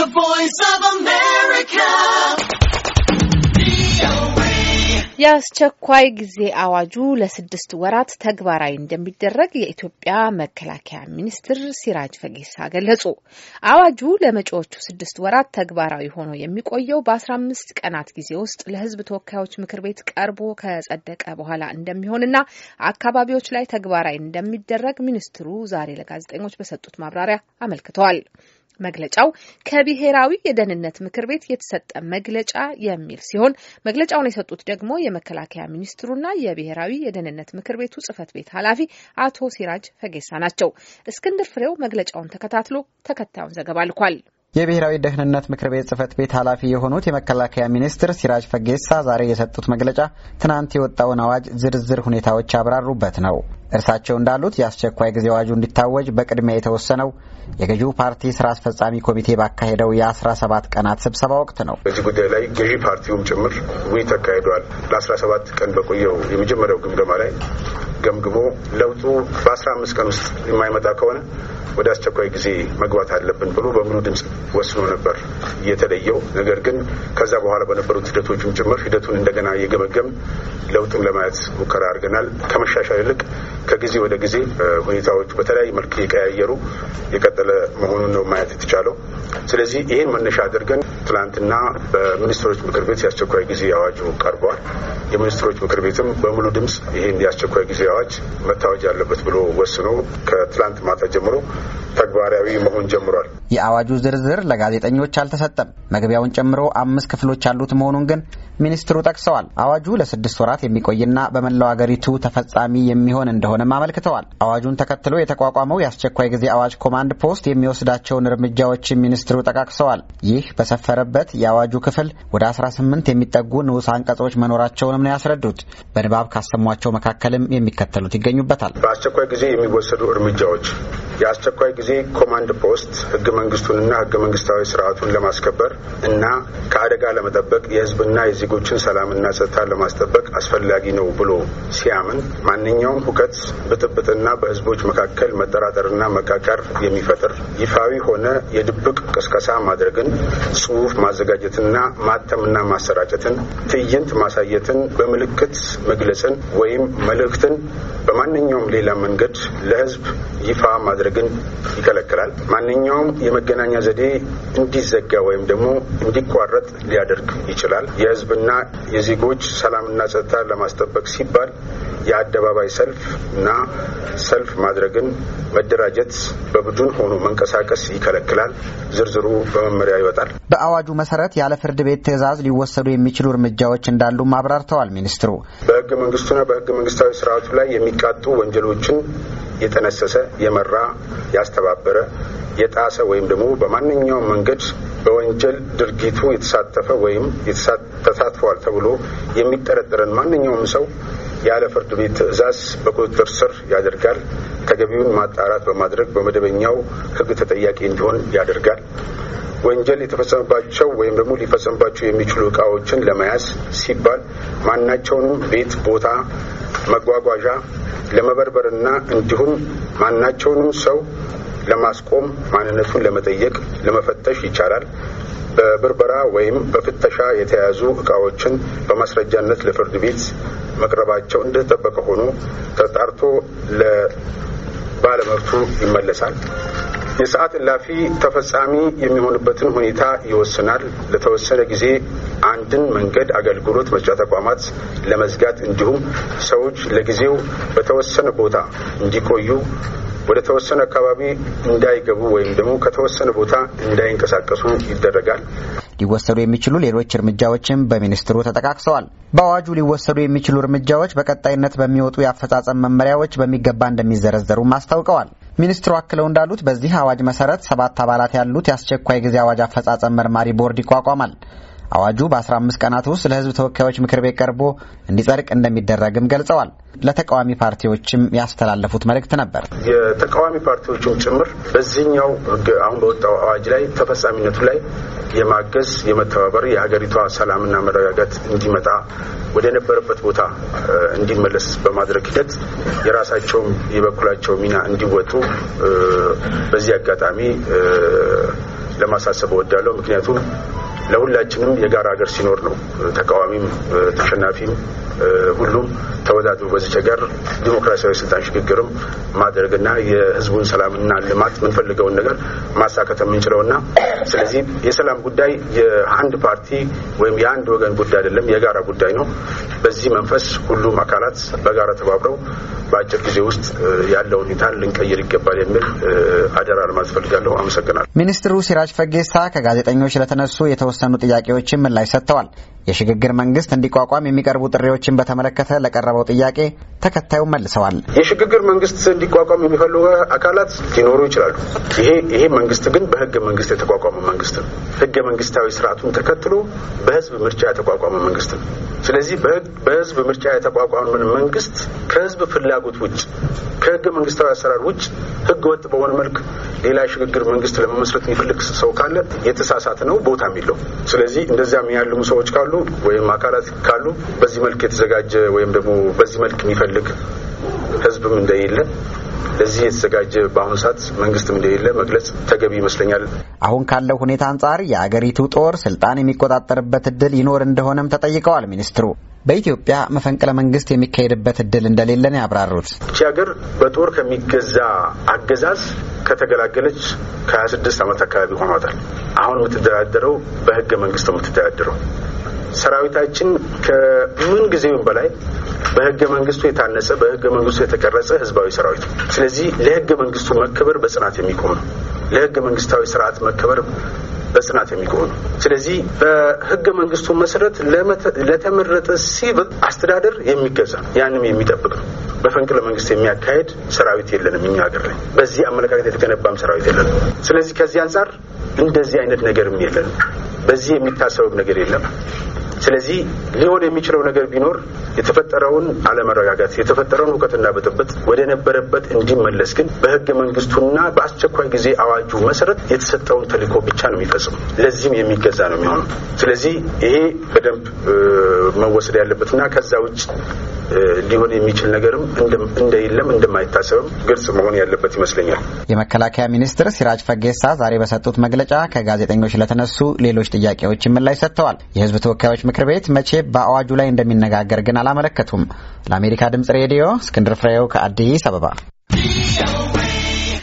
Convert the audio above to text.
The Voice of America. የአስቸኳይ ጊዜ አዋጁ ለስድስት ወራት ተግባራዊ እንደሚደረግ የኢትዮጵያ መከላከያ ሚኒስትር ሲራጅ ፈጌሳ ገለጹ። አዋጁ ለመጪዎቹ ስድስት ወራት ተግባራዊ ሆኖ የሚቆየው በአስራ አምስት ቀናት ጊዜ ውስጥ ለሕዝብ ተወካዮች ምክር ቤት ቀርቦ ከጸደቀ በኋላ እንደሚሆንና አካባቢዎች ላይ ተግባራዊ እንደሚደረግ ሚኒስትሩ ዛሬ ለጋዜጠኞች በሰጡት ማብራሪያ አመልክተዋል። መግለጫው ከብሔራዊ የደህንነት ምክር ቤት የተሰጠ መግለጫ የሚል ሲሆን መግለጫውን የሰጡት ደግሞ የመከላከያ ሚኒስትሩና የብሔራዊ የደህንነት ምክር ቤቱ ጽህፈት ቤት ኃላፊ አቶ ሲራጅ ፈጌሳ ናቸው። እስክንድር ፍሬው መግለጫውን ተከታትሎ ተከታዩን ዘገባ ልኳል። የብሔራዊ ደህንነት ምክር ቤት ጽህፈት ቤት ኃላፊ የሆኑት የመከላከያ ሚኒስትር ሲራጅ ፈጌሳ ዛሬ የሰጡት መግለጫ ትናንት የወጣውን አዋጅ ዝርዝር ሁኔታዎች ያብራሩበት ነው። እርሳቸው እንዳሉት የአስቸኳይ ጊዜ አዋጁ እንዲታወጅ በቅድሚያ የተወሰነው የገዢው ፓርቲ ስራ አስፈጻሚ ኮሚቴ ባካሄደው የአስራ ሰባት ቀናት ስብሰባ ወቅት ነው። በዚህ ጉዳይ ላይ ገዢ ፓርቲውም ጭምር ውይይት ተካሂደዋል። ለአስራ ሰባት ቀን በቆየው የመጀመሪያው ግምገማ ላይ ገምግሞ ለውጡ በአስራ አምስት ቀን ውስጥ የማይመጣ ከሆነ ወደ አስቸኳይ ጊዜ መግባት አለብን ብሎ በሙሉ ድምፅ ወስኖ ነበር እየተለየው ነገር ግን ከዛ በኋላ በነበሩት ሂደቶችም ጭምር ሂደቱን እንደገና እየገመገም ለውጡን ለማየት ሙከራ አድርገናል። ከመሻሻል ይልቅ ከጊዜ ወደ ጊዜ ሁኔታዎቹ በተለያየ መልክ እየቀያየሩ የቀጠለ መሆኑን ነው ማየት የተቻለው። ስለዚህ ይህን መነሻ አድርገን ትናንትና በሚኒስትሮች ምክር ቤት የአስቸኳይ ጊዜ አዋጁ ቀርቧል። የሚኒስትሮች ምክር ቤትም በሙሉ ድምፅ ይህን የአስቸኳይ ጊዜ አዋጅ መታወጅ ያለበት ብሎ ወስኖ ከትላንት ማታ ጀምሮ ተግባራዊ መሆን ጀምሯል። የአዋጁ ዝርዝር ለጋዜጠኞች አልተሰጠም። መግቢያውን ጨምሮ አምስት ክፍሎች ያሉት መሆኑን ግን ሚኒስትሩ ጠቅሰዋል። አዋጁ ለስድስት ወራት የሚቆይና በመላው አገሪቱ ተፈጻሚ የሚሆን እንደሆነም አመልክተዋል። አዋጁን ተከትሎ የተቋቋመው የአስቸኳይ ጊዜ አዋጅ ኮማንድ ፖስት የሚወስዳቸውን እርምጃዎች ሚኒስትሩ ጠቃቅሰዋል። ይህ በሰፈረበት የአዋጁ ክፍል ወደ 18 የሚጠጉ ንዑስ አንቀጾች መኖራቸውንም ነው ያስረዱት። በንባብ ካሰሟቸው መካከልም የሚከተሉት ይገኙበታል። በአስቸኳይ ጊዜ የሚወሰዱ እርምጃዎች የአስቸኳይ ጊዜ ኮማንድ ፖስት ህገ መንግስቱንና ህገ መንግስታዊ ስርዓቱን ለማስከበር እና ከአደጋ ለመጠበቅ የህዝብና የዜጎችን ሰላምና ጸጥታ ለማስጠበቅ አስፈላጊ ነው ብሎ ሲያምን ማንኛውም ሁከት፣ ብጥብጥና በህዝቦች መካከል መጠራጠርና መቃቀር የሚፈጥር ይፋዊ ሆነ የድብቅ ቅስቀሳ ማድረግን፣ ጽሁፍ ማዘጋጀትና ማተምና ማሰራጨትን፣ ትዕይንት ማሳየትን፣ በምልክት መግለጽን ወይም መልእክትን በማንኛውም ሌላ መንገድ ለህዝብ ይፋ ማድረግን ይከለክላል። ማንኛውም የመገናኛ ዘዴ እንዲዘጋ ወይም ደግሞ እንዲቋረጥ ሊያደርግ ይችላል። የህዝብና የዜጎች ሰላምና ጸጥታ ለማስጠበቅ ሲባል የአደባባይ ሰልፍ እና ሰልፍ ማድረግን፣ መደራጀት፣ በቡድን ሆኖ መንቀሳቀስ ይከለክላል። ዝርዝሩ በመመሪያ ይወጣል። በአዋጁ መሰረት ያለ ፍርድ ቤት ትዕዛዝ ሊወሰዱ የሚችሉ እርምጃዎች እንዳሉም አብራርተዋል ሚኒስትሩ። በህገ መንግስቱና በህገ መንግስታዊ ስርዓቱ ላይ የሚቃጡ ወንጀሎችን የጠነሰሰ፣ የመራ፣ ያስተባበረ፣ የጣሰ ወይም ደግሞ በማንኛውም መንገድ በወንጀል ድርጊቱ የተሳተፈ ወይም ተሳትፏል ተብሎ የሚጠረጠረን ማንኛውም ሰው ያለ ፍርድ ቤት ትዕዛዝ በቁጥጥር ስር ያደርጋል። ተገቢውን ማጣራት በማድረግ በመደበኛው ሕግ ተጠያቂ እንዲሆን ያደርጋል። ወንጀል የተፈጸመባቸው ወይም ደግሞ ሊፈጸምባቸው የሚችሉ እቃዎችን ለመያዝ ሲባል ማናቸውንም ቤት፣ ቦታ፣ መጓጓዣ ለመበርበርና እንዲሁም ማናቸውንም ሰው ለማስቆም ማንነቱን ለመጠየቅ ለመፈተሽ ይቻላል። በብርበራ ወይም በፍተሻ የተያዙ እቃዎችን በማስረጃነት ለፍርድ ቤት መቅረባቸው እንደተጠበቀ ሆኖ ተጣርቶ ለባለመብቱ ይመለሳል። የሰዓት እላፊ ተፈጻሚ የሚሆንበትን ሁኔታ ይወስናል። ለተወሰነ ጊዜ አንድን መንገድ አገልግሎት መስጫ ተቋማት ለመዝጋት እንዲሁም ሰዎች ለጊዜው በተወሰነ ቦታ እንዲቆዩ ወደ ተወሰነ አካባቢ እንዳይገቡ ወይም ደግሞ ከተወሰነ ቦታ እንዳይንቀሳቀሱ ይደረጋል። ሊወሰዱ የሚችሉ ሌሎች እርምጃዎችም በሚኒስትሩ ተጠቃቅሰዋል። በአዋጁ ሊወሰዱ የሚችሉ እርምጃዎች በቀጣይነት በሚወጡ የአፈጻጸም መመሪያዎች በሚገባ እንደሚዘረዘሩም አስታውቀዋል። ሚኒስትሩ አክለው እንዳሉት በዚህ አዋጅ መሰረት ሰባት አባላት ያሉት የአስቸኳይ ጊዜ አዋጅ አፈጻጸም መርማሪ ቦርድ ይቋቋማል። አዋጁ በ15 ቀናት ውስጥ ለህዝብ ተወካዮች ምክር ቤት ቀርቦ እንዲጸድቅ እንደሚደረግም ገልጸዋል። ለተቃዋሚ ፓርቲዎችም ያስተላለፉት መልእክት ነበር። የተቃዋሚ ፓርቲዎችም ጭምር በዚህኛው ህግ አሁን በወጣው አዋጅ ላይ ተፈጻሚነቱ ላይ የማገዝ የመተባበር የሀገሪቷ ሰላምና መረጋጋት እንዲመጣ ወደ ነበረበት ቦታ እንዲመለስ በማድረግ ሂደት የራሳቸውም የበኩላቸው ሚና እንዲወጡ በዚህ አጋጣሚ ለማሳሰብ እወዳለሁ። ምክንያቱም ለሁላችንም የጋራ ሀገር ሲኖር ነው ተቃዋሚም ተሸናፊም ሁሉም ተወዳድሮ በዚች ሀገር ዲሞክራሲያዊ ስልጣን ሽግግርም ማድረግና የህዝቡን ሰላምና ልማት የምንፈልገውን ነገር ማሳካት የምንችለውና ስለዚህ የሰላም ጉዳይ የአንድ ፓርቲ ወይም የአንድ ወገን ጉዳይ አይደለም፣ የጋራ ጉዳይ ነው። በዚህ መንፈስ ሁሉም አካላት በጋራ ተባብረው በአጭር ጊዜ ውስጥ ያለው ሁኔታ ልንቀይር ይገባል የሚል አደራ ለማለት አመሰግናል ሚኒስትሩ ሲራጅ ፈጌሳ ከጋዜጠኞች ለተነሱ የተ የተወሰኑ ጥያቄዎችም ምላሽ ሰጥተዋል። የሽግግር መንግስት እንዲቋቋም የሚቀርቡ ጥሪዎችን በተመለከተ ለቀረበው ጥያቄ ተከታዩን መልሰዋል። የሽግግር መንግስት እንዲቋቋም የሚፈልጉ አካላት ሊኖሩ ይችላሉ። ይሄ ይሄ መንግስት ግን በህገ መንግስት የተቋቋመ መንግስት ነው። ህገ መንግስታዊ ስርዓቱን ተከትሎ በህዝብ ምርጫ የተቋቋመ መንግስት ነው። ስለዚህ በህዝብ ምርጫ የተቋቋመን መንግስት ከህዝብ ፍላጎት ውጭ ከህገ መንግስታዊ አሰራር ውጭ ህገ ወጥ በሆነ መልክ ሌላ የሽግግር መንግስት ለመመስረት የሚፈልግ ሰው ካለ የተሳሳተ ነው ቦታ የሚለው ስለዚህ እንደዚያም ያልሙ ሰዎች ካሉ ወይም አካላት ካሉ በዚህ መልክ የተዘጋጀ ወይም ደግሞ በዚህ መልክ የሚፈልግ ህዝብም እንደሌለ ለዚህ የተዘጋጀ በአሁኑ ሰዓት መንግስትም እንደሌለ መግለጽ ተገቢ ይመስለኛል። አሁን ካለው ሁኔታ አንጻር የአገሪቱ ጦር ስልጣን የሚቆጣጠርበት እድል ይኖር እንደሆነም ተጠይቀዋል ሚኒስትሩ። በኢትዮጵያ መፈንቅለ መንግስት የሚካሄድበት እድል እንደሌለ ነው ያብራሩት። ይቺ ሀገር በጦር ከሚገዛ አገዛዝ ከተገላገለች ከ26 ዓመት አካባቢ ሆኗታል። አሁን የምትደራደረው በህገ መንግስት ነው የምትደራደረው ሰራዊታችን ከምን ጊዜውም በላይ በህገ መንግስቱ የታነጸ በህገ መንግስቱ የተቀረጸ ህዝባዊ ሰራዊት ነው። ስለዚህ ለህገ መንግስቱ መከበር በጽናት የሚቆም ነው። ለህገ መንግስታዊ ስርዓት መከበር በጽናት የሚቆም ነው። ስለዚህ በህገ መንግስቱ መሰረት ለተመረጠ ሲቪል አስተዳደር የሚገዛ ያንም የሚጠብቅ ነው። በፈንቅለ መንግስት የሚያካሄድ ሰራዊት የለንም እኛ ሀገር ላይ በዚህ አመለካከት የተገነባም ሰራዊት የለንም። ስለዚህ ከዚህ አንጻር እንደዚህ አይነት ነገርም የለንም። በዚህ የሚታሰብም ነገር የለም። ስለዚህ ሊሆን የሚችለው ነገር ቢኖር የተፈጠረውን አለመረጋጋት የተፈጠረውን እውቀትና ብጥብጥ ወደ ነበረበት እንዲመለስ ግን በህገ መንግስቱና በአስቸኳይ ጊዜ አዋጁ መሰረት የተሰጠውን ተልእኮ ብቻ ነው የሚፈጽሙ። ለዚህም የሚገዛ ነው የሚሆነው። ስለዚህ ይሄ በደንብ መወሰድ ያለበትና ከዛ ውጭ ሊሆን የሚችል ነገርም እንደየለም እንደማይታሰብም ግልጽ መሆን ያለበት ይመስለኛል። የመከላከያ ሚኒስትር ሲራጅ ፈጌሳ ዛሬ በሰጡት መግለጫ ከጋዜጠኞች ለተነሱ ሌሎች ጥያቄዎች ምላሽ ሰጥተዋል። የህዝብ ተወካዮች ምክር ቤት መቼ በአዋጁ ላይ እንደሚነጋገር ግን አላመለከቱም። ለአሜሪካ ድምጽ ሬዲዮ እስክንድር ፍሬው ከአዲስ አበባ